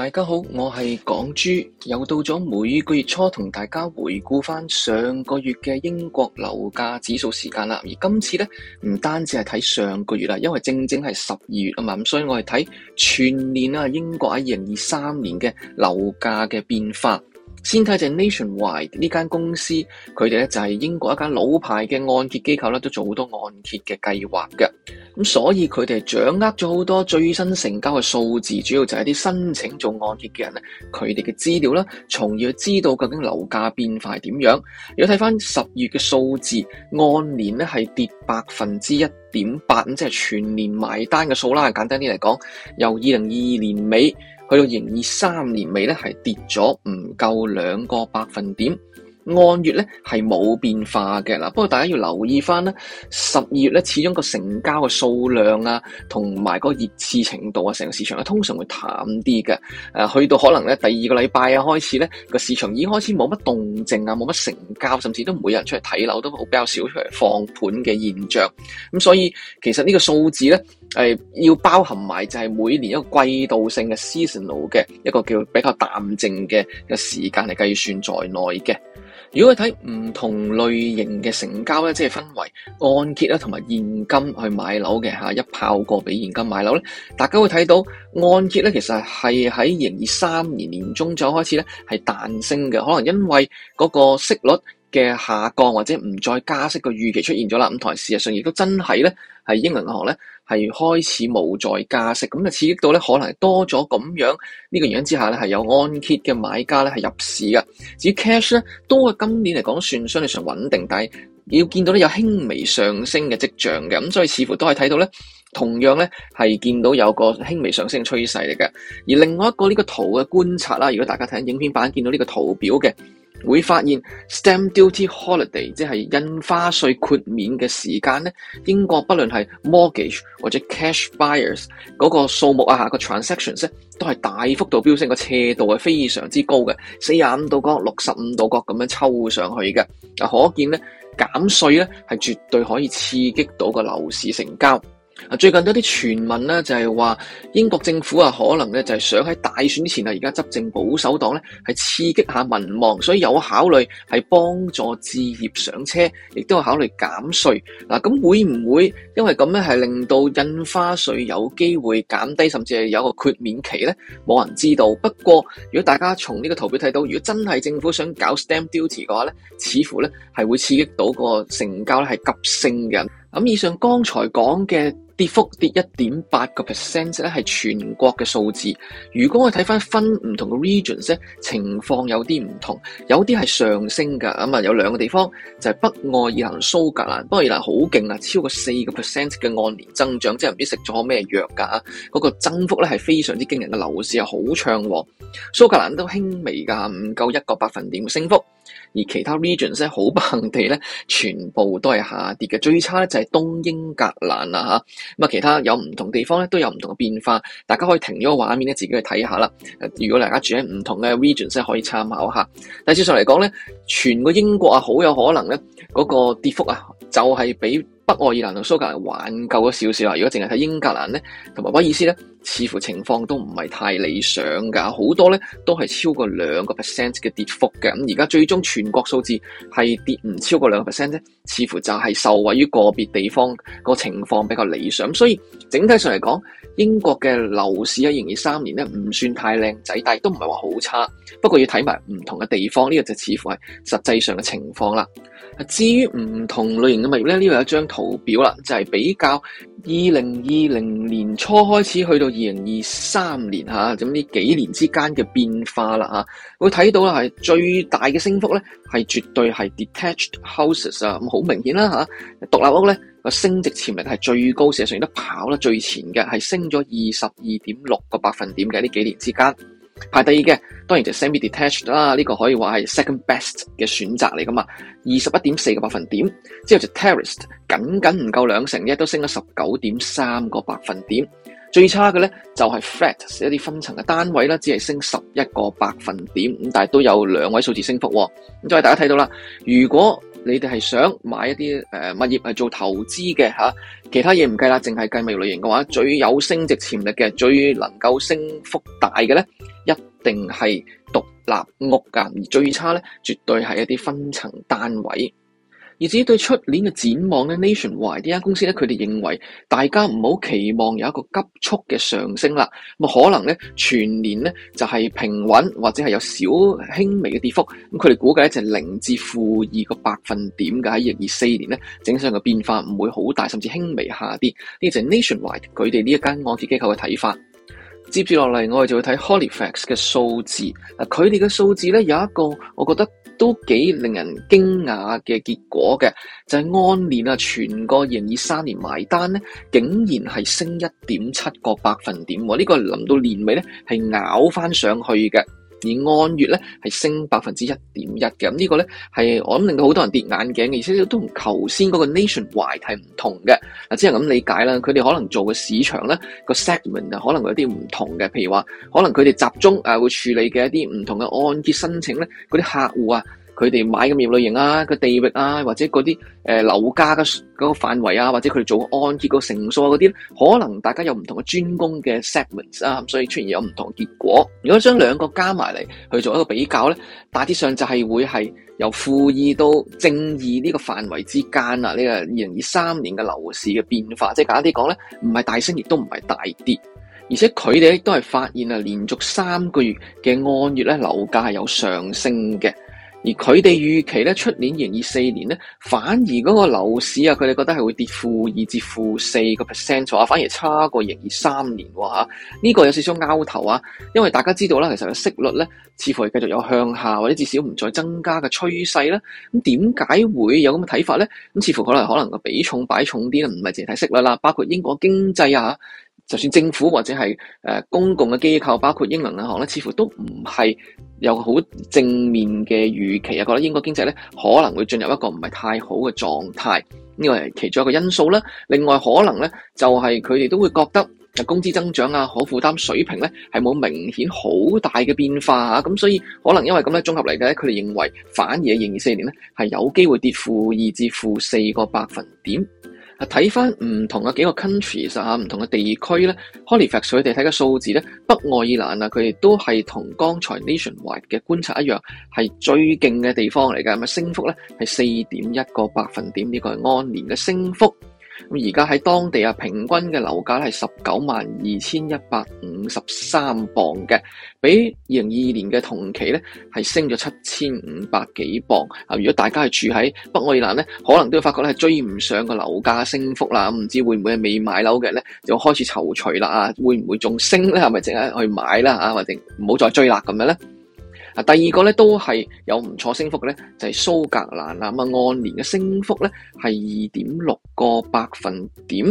大家好，我係港豬，又到咗每個月初同大家回顧返上個月嘅英國樓價指數時間啦。而今次呢，唔單止係睇上個月啦，因為正正係十二月啊嘛，咁所以我係睇全年啊英國喺二零二三年嘅樓價嘅變化。先睇就係 Nationwide 呢間公司，佢哋咧就係英國一間老牌嘅按揭機構咧，都做好多按揭嘅計劃嘅。咁所以佢哋掌握咗好多最新成交嘅數字，主要就係啲申請做按揭嘅人咧，佢哋嘅資料啦，從而知道究竟樓價變化係點樣。如果睇翻十月嘅數字，按年咧係跌百分之一點八，咁即係全年埋單嘅數啦。簡單啲嚟講，由二零二二年尾，去到二零二三年尾咧，係跌咗唔夠兩個百分點，按月咧係冇變化嘅啦。不過大家要留意翻咧，十二月咧始終個成交嘅數量啊，同埋個熱刺程度啊，成個市場咧通常會淡啲嘅。誒、啊，去到可能咧第二個禮拜啊開始咧，個市場已經開始冇乜動靜啊，冇乜成交，甚至都唔會有人出嚟睇樓，都好比較少出嚟放盤嘅現象。咁所以其實呢個數字咧。係要包含埋就係每年一個季度性嘅 seasonal 嘅一個叫比較淡靜嘅嘅時間嚟計算在內嘅。如果去睇唔同類型嘅成交咧，即係分為按揭啦同埋現金去買樓嘅吓，一炮過畀現金買樓咧，大家會睇到按揭咧，其實係喺二三年年中就開始咧係彈升嘅，可能因為嗰個息率嘅下降或者唔再加息嘅預期出現咗啦。咁同埋事實上亦都真係咧。係英銀行咧，係開始無再加息，咁就刺激到咧，可能多咗咁樣呢個原因之下咧，係有按揭嘅買家咧係入市噶。至於 cash 咧，都係今年嚟講算相對上穩定，但係要見到咧有輕微上升嘅跡象嘅，咁所以似乎都係睇到咧，同樣咧係見到有個輕微上升嘅趨勢嚟嘅。而另外一個呢個圖嘅觀察啦，如果大家睇緊影片版，見到呢個圖表嘅。會發現 stamp duty holiday 即係印花稅豁免嘅時間咧，英國不論係 mortgage 或者 cash buyers 嗰個數目啊，個 transactions 咧都係大幅度飆升，個斜度係非常之高嘅，四十五度角、六十五度角咁樣抽上去嘅，可見咧減稅咧係絕對可以刺激到個樓市成交。啊，最近有啲傳聞咧，就係話英國政府啊，可能咧就係想喺大選之前啊，而家執政保守黨咧係刺激下民望，所以有考慮係幫助置業上車，亦都有考慮減稅。嗱，咁會唔會因為咁咧係令到印花稅有機會減低，甚至係有個豁免期咧？冇人知道。不過，如果大家從呢個圖表睇到，如果真係政府想搞 Stamp Duty 嘅話咧，似乎咧係會刺激到個成交咧係急升嘅。咁以上剛才講嘅。跌幅跌一點八個 percent，係全國嘅數字。如果我睇翻分唔同嘅 regions 咧，情況有啲唔同，有啲係上升㗎。咁啊，有兩個地方就係、是、北愛爾蘭、蘇格蘭。北愛爾蘭好勁啊，超過四個 percent 嘅按年增長，即係唔知食咗咩藥㗎。嗰、那個增幅咧係非常之驚人，嘅，樓市又好暢旺，蘇格蘭都輕微㗎，唔夠一個百分點升幅。而其他 regions 咧，好不幸地咧，全部都係下跌嘅。最差咧就係東英格蘭啦。咁啊，其他有唔同地方咧，都有唔同嘅變化，大家可以停咗個畫面咧，自己去睇下啦。如果大家住喺唔同嘅 region，真係可以參考一下。大致上嚟講咧，全個英國啊，好有可能咧，嗰個跌幅啊，就係比。北愛爾蘭同蘇格蘭挽救咗少少啦，如果淨係睇英格蘭咧，同埋威爾斯咧，似乎情況都唔係太理想㗎，好多咧都係超過兩個 percent 嘅跌幅嘅。咁而家最終全國數字係跌唔超過兩個 percent 啫，似乎就係受惠於個別地方個情況比較理想。所以整體上嚟講，英國嘅樓市喺二零二三年咧唔算太靚仔，但係都唔係話好差。不過要睇埋唔同嘅地方，呢、這個就似乎係實際上嘅情況啦。至於唔同類型嘅物業咧，呢度有一張圖。圖表啦，就係、是、比較二零二零年初開始去到二零二三年吓，咁呢幾年之間嘅變化啦吓，會睇到啦係最大嘅升幅咧，係絕對係 detached houses 啊，咁好明顯啦吓，獨立屋咧個升值潛力係最高，事實上而家跑得最前嘅係升咗二十二點六個百分點嘅呢幾年之間。排第二嘅，當然就 semi-detached 啦，呢個可以話係 second best 嘅選擇嚟噶嘛，二十一點四個百分點。之後就 terraced 僅僅唔夠兩成一，都升咗十九點三個百分點。最差嘅咧就係、是、flat，一啲分層嘅單位咧，只係升十一個百分點，咁但係都有兩位數字升幅。咁再大家睇到啦，如果你哋係想買一啲、呃、物業係做投資嘅，其他嘢唔計啦，淨係計物業類型嘅話，最有升值潛力嘅、最能夠升幅大嘅咧。定係獨立屋㗎，而最差咧，絕對係一啲分層單位。而至於對出年嘅展望咧，Nationwide 呢間公司咧，佢哋認為大家唔好期望有一個急速嘅上升啦。咁啊，可能咧全年咧就係、是、平穩或者係有少輕微嘅跌幅。咁佢哋估計就係零至負二個百分點嘅喺二零二四年咧整體上嘅變化唔會好大，甚至輕微下跌。呢就係 Nationwide 佢哋呢一間按揭機構嘅睇法。接住落嚟，我哋就會睇 Halifax 嘅數字。嗱，佢哋嘅數字咧有一個，我覺得都幾令人驚訝嘅結果嘅，就係、是、按年啊，全個二零二三年埋單咧，竟然係升一點七個百分點喎！呢、這個臨到年尾咧，係咬翻上去嘅。而按月咧係升百分之一點一嘅，咁、嗯這個、呢個咧係我諗令到好多人跌眼鏡嘅，而且都同頭先嗰個 Nationwide 係唔同嘅，嗱、啊、只係咁理解啦，佢哋可能做嘅市場咧個 segment 啊可能會有啲唔同嘅，譬如話可能佢哋集中啊會處理嘅一啲唔同嘅按揭申請咧，嗰啲客戶啊。佢哋買嘅業類型啊，個地域啊，或者嗰啲誒樓價嘅嗰個範圍啊，或者佢哋做按揭個成數啊嗰啲，可能大家有唔同嘅專攻嘅 segments 啊，所以出現有唔同結果。如果將兩個加埋嚟去做一個比較咧，大致上就係會係由負二到正二呢個範圍之間啊。呢個二零二三年嘅樓市嘅變化，即係簡單啲講咧，唔係大升亦都唔係大跌，而且佢哋都係發現啊，連續三個月嘅按月咧樓價係有上升嘅。而佢哋預期咧，出年二四年咧，反而嗰個樓市啊，佢哋覺得係會跌負二至負四個 percent 啊，反而差過二三年喎嚇。呢個有少少拗頭啊，因為大家知道啦，其實個息率咧，似乎係繼續有向下或者至少唔再增加嘅趨勢啦。咁點解會有咁嘅睇法咧？咁似乎可能可能個比重擺重啲啦，唔係淨係睇息率啦，包括英國經濟啊。就算政府或者係誒公共嘅機構，包括英倫銀行咧，似乎都唔係有好正面嘅預期啊，覺得英國經濟咧可能會進入一個唔係太好嘅狀態，呢個係其中一個因素啦。另外可能咧就係佢哋都會覺得工資增長啊、可負擔水平咧係冇明顯好大嘅變化嚇，咁所以可能因為咁咧綜合嚟嘅咧，佢哋認為反而二零二四年咧係有機會跌負二至負四個百分點。睇翻唔同嘅幾個 countries，唔同嘅地區咧，Halifax，佢哋睇嘅數字咧，北愛爾蘭啊，佢哋都係同剛才 Nationwide 嘅觀察一樣，係最勁嘅地方嚟㗎，咁升幅咧係四點一個百分點，呢、呢個係按年嘅升幅。咁而家喺當地啊，平均嘅樓價係十九萬二千一百五十三磅嘅，比二零二二年嘅同期咧係升咗七千五百幾磅。啊，如果大家係住喺北愛爾蘭咧，可能都會發覺咧係追唔上個樓價升幅啦。唔知會唔會係未買樓嘅咧，就開始籌取啦啊？會唔會仲升咧？係咪淨係去買啦？或者唔好再追啦咁樣咧？第二個咧都係有唔錯升幅嘅咧，就係、是、蘇格蘭啦。咁啊，按年嘅升幅咧係二點六個百分點。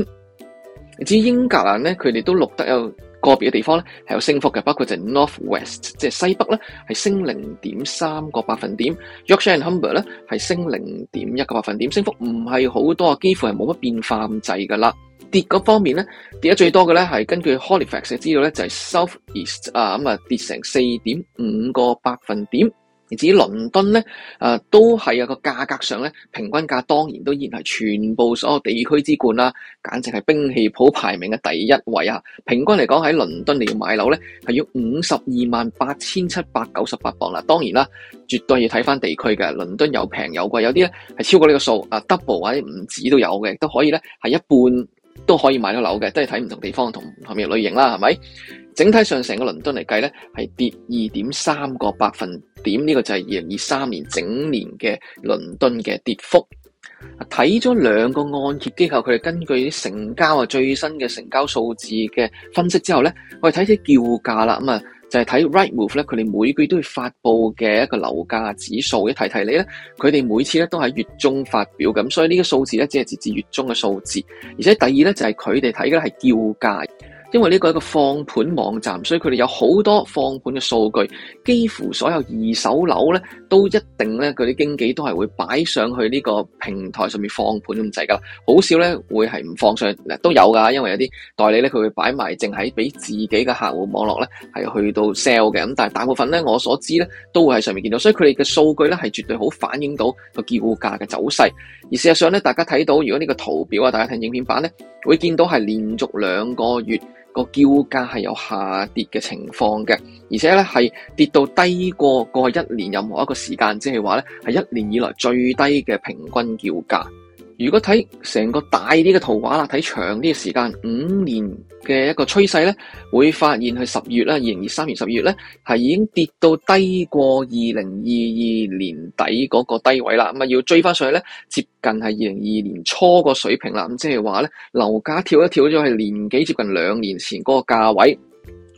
至於英格蘭咧，佢哋都錄得有個別嘅地方咧係有升幅嘅，包括就係 North West，即係西北咧係升零點三個百分點，Yorkshire and Humber 咧係升零點一個百分點，升幅唔係好多，幾乎係冇乜變化咁滯噶啦。跌嗰方面咧，跌得最多嘅咧係根據 Halifax 嘅資料咧，就係、是、South East 啊，咁啊跌成四點五個百分點。而至於倫敦咧，啊都係啊個價格上咧，平均價當然都依然係全部所有地區之冠啦，簡直係兵器譜排名嘅第一位啊！平均嚟講喺倫敦嚟要買樓咧，係要五十二萬八千七百九十八磅啦。當然啦，絕對要睇翻地區嘅，倫敦有平有貴，有啲咧係超過呢個數啊，Double 或者唔止都有嘅，都可以咧係一半。都可以買到樓嘅，都係睇唔同地方同項目類型啦，係咪？整體上成個倫敦嚟計咧，係跌二點三個百分點，呢個就係二零二三年整年嘅倫敦嘅跌幅。睇咗兩個按揭機構，佢哋根據啲成交啊最新嘅成交數字嘅分析之後咧，我哋睇啲叫價啦咁啊。就係睇 Rightmove 咧，佢哋每個月都會發佈嘅一個樓價指數，一提提你咧，佢哋每次咧都喺月中發表咁，所以呢個數字咧只係截至月中嘅數字。而且第二咧就係佢哋睇嘅係叫價。因為呢個係一個放盤網站，所以佢哋有好多放盤嘅數據。幾乎所有二手樓咧，都一定咧，佢啲經紀都係會擺上去呢個平台上面放盤咁滯㗎。好少咧會係唔放上，都有㗎。因為有啲代理咧，佢會擺埋淨係俾自己嘅客戶網絡咧，係去到 sell 嘅。咁但係大部分咧，我所知咧，都會喺上面見到。所以佢哋嘅數據咧係絕對好反映到個叫價嘅走勢。而事實上咧，大家睇到如果呢個圖表啊，大家睇影片版咧，會見到係連續兩個月。個叫價係有下跌嘅情況嘅，而且咧係跌到低過過去一年任何一個時間，即係話咧係一年以來最低嘅平均叫價。如果睇成個大啲嘅圖畫啦，睇長啲嘅時間五年嘅一個趨勢呢，會發現係十月啦，二零二三年十月呢，係已經跌到低過二零二二年底嗰個低位啦，咁啊要追返上去呢，接近係二零二二年初個水平啦，咁即係話呢，樓價跳一跳咗係年幾接近兩年前嗰個價位。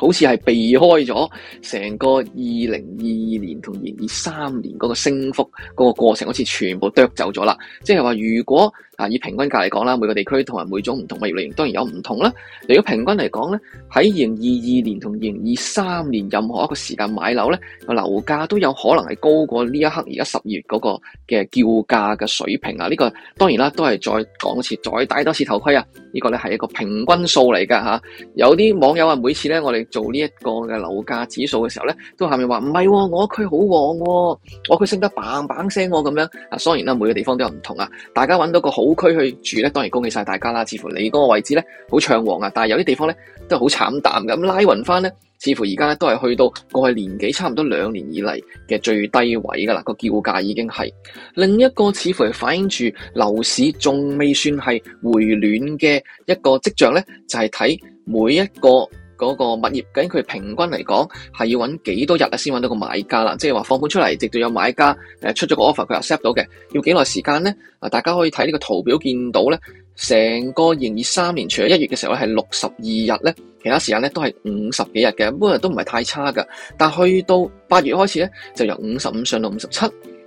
好似係避開咗成個二零二二年同二零二三年嗰個升幅嗰個過程，好似全部剁走咗啦。即係話如果。以平均價嚟講啦，每個地區同埋每種唔同嘅類型，當然有唔同啦。如果平均嚟講咧，喺二零二二年同二零二三年，任何一個時間買樓咧，樓價都有可能係高過呢一刻而家十二月嗰個嘅叫價嘅水平啊！呢、這個當然啦，都係再講一次，再戴多次頭盔啊！呢、這個咧係一個平均數嚟㗎嚇。有啲網友啊，每次咧，我哋做呢一個嘅樓價指數嘅時候咧，都下面話唔係，我個區好旺喎、哦，我個區升得棒棒聲喎咁樣。啊，當然啦，每個地方都有唔同啊。大家揾到一個好區去住咧，當然恭喜晒大家啦！似乎你嗰個位置咧，好暢旺啊！但係有啲地方咧，都係好慘淡嘅。咁拉勻翻咧，似乎而家咧都係去到過去年幾差唔多兩年以嚟嘅最低位噶啦。個叫價已經係另一個似乎係反映住樓市仲未算係回暖嘅一個跡象咧，就係、是、睇每一個。嗰、那個物業，咁佢平均嚟講係要揾幾多日咧先揾到個買家啦？即係話放盤出嚟，直到有買家出咗個 offer，佢又 set 到嘅，要幾耐時間咧？啊，大家可以睇呢個圖表見到咧，成個二三年，除咗一月嘅時候咧係六十二日咧，其他時間咧都係五十幾日嘅，咁日都唔係太差噶。但去到八月開始咧，就由五十五上到五十七。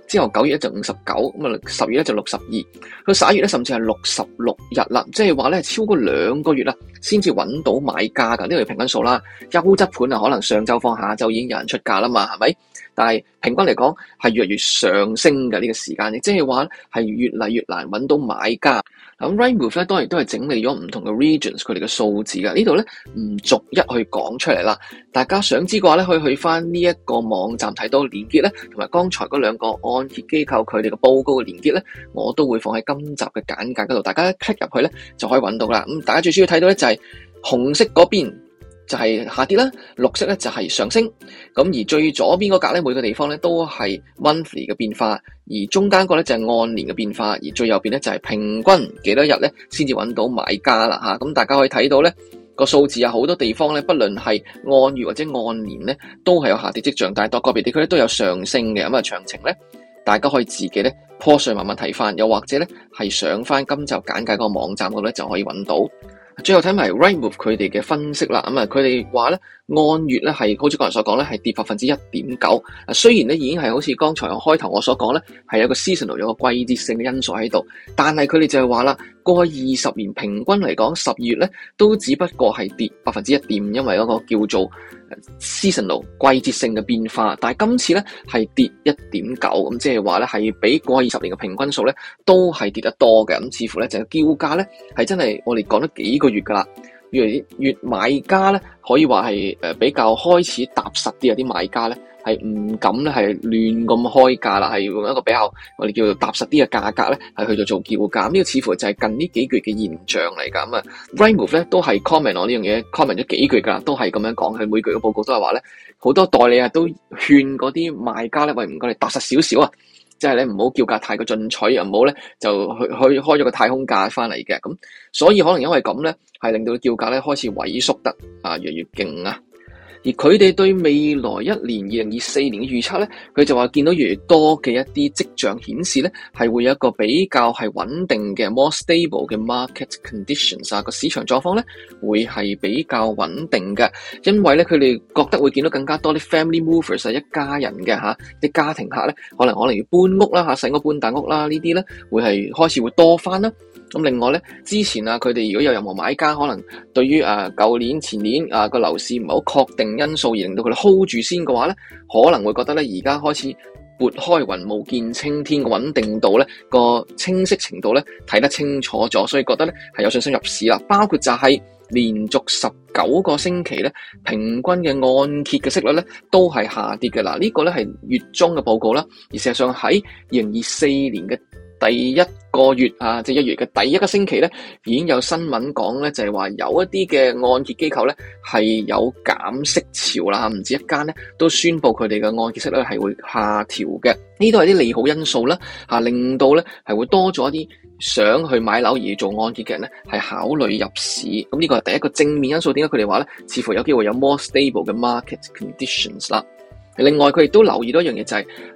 之後九月咧就五十九，咁啊十月咧就六十二，佢十一月咧甚至係六十六日啦，即係話咧超過兩個月啦，先至揾到買家㗎，呢個係平均數啦。優質盤啊，可能上晝放下晝已經有人出價啦嘛，係咪？但係平均嚟講係越嚟越上升㗎，呢個時間，亦即係話係越嚟越難揾到買家。咁 Rightmove 咧，當然都係整理咗唔同嘅 regions 佢哋嘅數字噶，呢度咧唔逐一去講出嚟啦。大家想知嘅話咧，可以去翻呢一個網站睇到連結咧，同埋剛才嗰兩個按揭機構佢哋嘅報告嘅連結咧，我都會放喺今集嘅簡介嗰度，大家一 click 入去咧就可以揾到啦。咁大家最需要睇到咧就係紅色嗰邊，就係、是、下跌啦，綠色咧就係上升。咁而最左邊嗰格咧，每個地方咧都係 monthly 嘅變化；而中間個咧就係按年嘅變化；而最右邊咧就係平均幾多日咧先至揾到買家啦嚇。咁大家可以睇到咧個數字啊，好多地方咧，不論係按月或者按年咧，都係有下跌跡象。但係多個別地區咧都有上升嘅。咁嘅詳情咧，大家可以自己咧破 o 上慢慢睇翻，又或者咧係上翻今集簡介個網站嗰度咧就可以揾到。最後睇埋 Rightmove 佢哋嘅分析啦，咁佢哋話呢按月呢係好似個人所講呢係跌百分之一點九，雖然呢已經係好似剛才我開頭我所講呢係有個 seasonal 有個季節性嘅因素喺度，但係佢哋就係話啦。過去二十年平均嚟講，十二月咧都只不過係跌百分之一點五，因為嗰個叫做 seasonal 季節性嘅變化。但係今次咧係跌一點九，咁即係話咧係比過去二十年嘅平均數咧都係跌得多嘅。咁似乎咧就係叫價咧係真係我哋講咗幾個月噶啦。越，越買家咧，可以話係誒比較開始踏實啲啊！啲買家咧係唔敢咧係亂咁開價啦，係用一個比較我哋叫做踏實啲嘅價格咧，係去做做叫價。呢、這個似乎就係近呢幾個月嘅現象嚟㗎啊！Rightmove 咧都係 comment 我呢樣嘢，comment 咗幾句噶，都係咁樣講。佢每句嘅報告都係話咧，好多代理啊都勸嗰啲買家咧，喂唔該你踏實少少啊！即係咧，唔好叫價太過進取，又唔好咧就去去開咗個太空價翻嚟嘅。咁所以可能因為咁咧，係令到叫價咧開始萎縮得啊，越嚟越勁啊！而佢哋對未來一年二零二四年嘅預測咧，佢就話見到越嚟越多嘅一啲跡象顯示咧，係會有一個比較係穩定嘅 more stable 嘅 market conditions 啊，個市場狀況咧會係比較穩定嘅，因為咧佢哋覺得會見到更加多啲 family movers 一家人嘅嚇啲家庭客咧，可能可能要搬屋啦嚇，細屋搬大屋啦呢啲咧會係開始會多返啦。咁另外咧，之前啊，佢哋如果有任何買家可能對於啊舊年、前年啊個樓市唔係好確定因素而令到佢哋 hold 住先嘅話咧，可能會覺得咧而家開始撥開雲霧見青天嘅穩定度咧，個清晰程度咧睇得清楚咗，所以覺得咧係有信心入市啦。包括就係連續十九個星期咧，平均嘅按揭嘅息率咧都係下跌嘅啦，呢個咧係月中嘅報告啦，而事實上喺二零二四年嘅。第一個月啊，即、就是、一月嘅第一個星期咧，已經有新聞講咧，就係、是、話有一啲嘅按揭機構咧係有減息潮啦，唔止一間咧，都宣布佢哋嘅按揭息率係會下調嘅。呢都係啲利好因素啦吓，令到咧係會多咗啲想去買樓而做按揭嘅人咧係考慮入市。咁呢個係第一個正面因素。點解佢哋話咧？似乎有機會有 more stable 嘅 market conditions 啦。另外佢亦都留意到一樣嘢就係、是。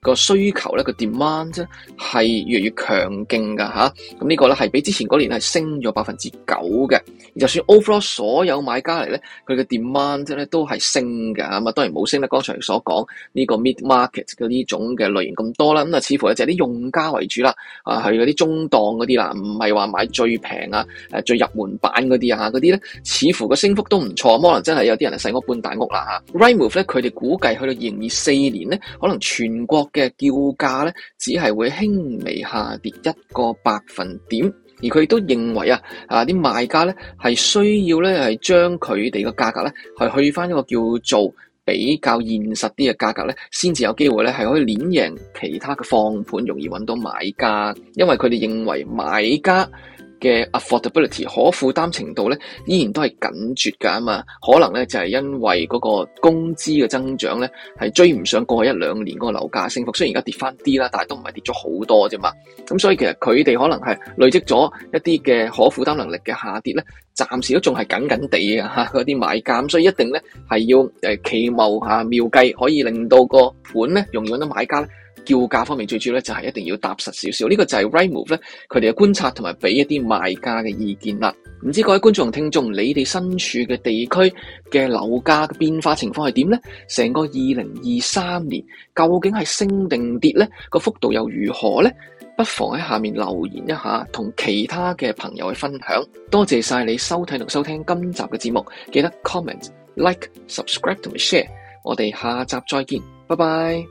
個需求咧個 demand 呢係越嚟越強勁㗎吓，咁呢個咧係比之前嗰年係升咗百分之九嘅，就算 overall 所有買家嚟咧，佢嘅 demand 呢咧都係升嘅，咁啊當然冇升得剛才所講呢個 mid market 嘅呢種嘅類型咁多啦，咁啊似乎呢就係啲用家為主啦、啊，啊嗰啲中檔嗰啲啦，唔係話買最平啊誒最入門版嗰啲啊嗰啲咧，似乎個升幅都唔錯，可能真係有啲人係細屋搬大屋啦吓。Rightmove 咧佢哋估計去到二零二四年咧，可能全國嘅叫價咧，只係會輕微下跌一個百分點，而佢亦都認為啊，啊啲賣家咧係需要咧係將佢哋個價格咧係去翻一個叫做比較現實啲嘅價格咧，先至有機會咧係可以碾贏其他嘅放盤，容易揾到買家，因為佢哋認為買家。嘅 affordability 可負擔程度咧，依然都係緊絀噶啊嘛，可能咧就係、是、因為嗰個工資嘅增長咧係追唔上過去一兩年嗰個樓價升幅，雖然而家跌翻啲啦，但係都唔係跌咗好多啫嘛，咁所以其實佢哋可能係累積咗一啲嘅可負擔能力嘅下跌咧，暫時都仲係緊緊地啊吓嗰啲買家，所以一定咧係要誒奇謀吓妙計，可以令到個盤咧用到啲買家咧。叫價方面最主要咧就係一定要踏實少少，呢個就係 Rightmove 咧佢哋嘅觀察同埋俾一啲賣家嘅意見啦。唔知各位觀眾同聽眾，你哋身處嘅地區嘅樓價嘅變化情況係點呢？成個二零二三年究竟係升定跌呢？個幅度又如何呢？不妨喺下面留言一下，同其他嘅朋友去分享。多謝晒你收睇同收聽今集嘅節目，記得 Comment、Like、Subscribe 同埋 Share。我哋下集再見，拜拜。